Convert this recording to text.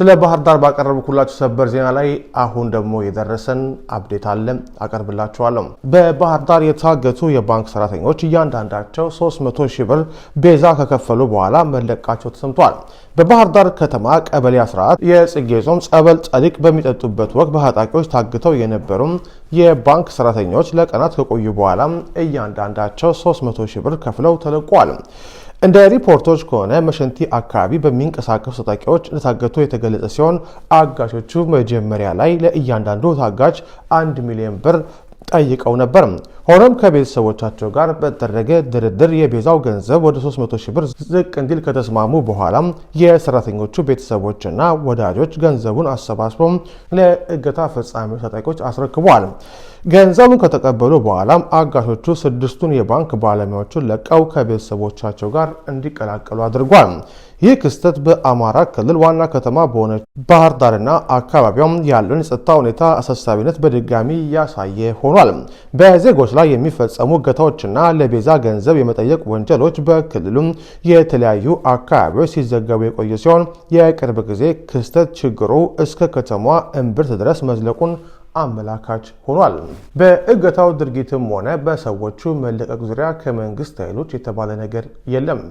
ስለ ባህር ዳር ባቀረብኩላችሁ ሰበር ዜና ላይ አሁን ደግሞ የደረሰን አብዴት አለ አቀርብላችኋለሁ። በባህር ዳር የታገቱ የባንክ ሰራተኞች እያንዳንዳቸው 300 ሺህ ብር ቤዛ ከከፈሉ በኋላ መለቃቸው ተሰምቷል። በባህር ዳር ከተማ ቀበሌ 14 የጽጌ ጾም ጸበል ጸሊቅ በሚጠጡበት ወቅት በታጣቂዎች ታግተው የነበሩ የባንክ ሰራተኞች ለቀናት ከቆዩ በኋላ እያንዳንዳቸው 300 ሺህ ብር ከፍለው ተለቋል። እንደ ሪፖርቶች ከሆነ መሸንቲ አካባቢ በሚንቀሳቀሱ ታጣቂዎች እንደታገቱ የተገለጸ ሲሆን አጋሾቹ መጀመሪያ ላይ ለእያንዳንዱ ታጋች አንድ ሚሊዮን ብር ጠይቀው ነበር። ሆኖም ከቤተሰቦቻቸው ጋር በተደረገ ድርድር የቤዛው ገንዘብ ወደ 300 ሺህ ብር ዝቅ እንዲል ከተስማሙ በኋላ የሰራተኞቹ ቤተሰቦችና ወዳጆች ገንዘቡን አሰባስበው ለእገታ ፈጻሚ ተጠቂዎች አስረክበዋል። ገንዘቡን ከተቀበሉ በኋላ አጋሾቹ ስድስቱን የባንክ ባለሙያዎቹን ለቀው ከቤተሰቦቻቸው ጋር እንዲቀላቀሉ አድርጓል። ይህ ክስተት በአማራ ክልል ዋና ከተማ በሆነች ባህር ዳርና አካባቢዋም ያለውን የጸጥታ ሁኔታ አሳሳቢነት በድጋሚ ያሳየ ሆኗል። ተናግረዋል። በዜጎች ላይ የሚፈጸሙ እገታዎችና ለቤዛ ገንዘብ የመጠየቅ ወንጀሎች በክልሉም የተለያዩ አካባቢዎች ሲዘገቡ የቆየ ሲሆን የቅርብ ጊዜ ክስተት ችግሩ እስከ ከተማዋ እምብርት ድረስ መዝለቁን አመላካች ሆኗል። በእገታው ድርጊትም ሆነ በሰዎቹ መለቀቅ ዙሪያ ከመንግስት ኃይሎች የተባለ ነገር የለም።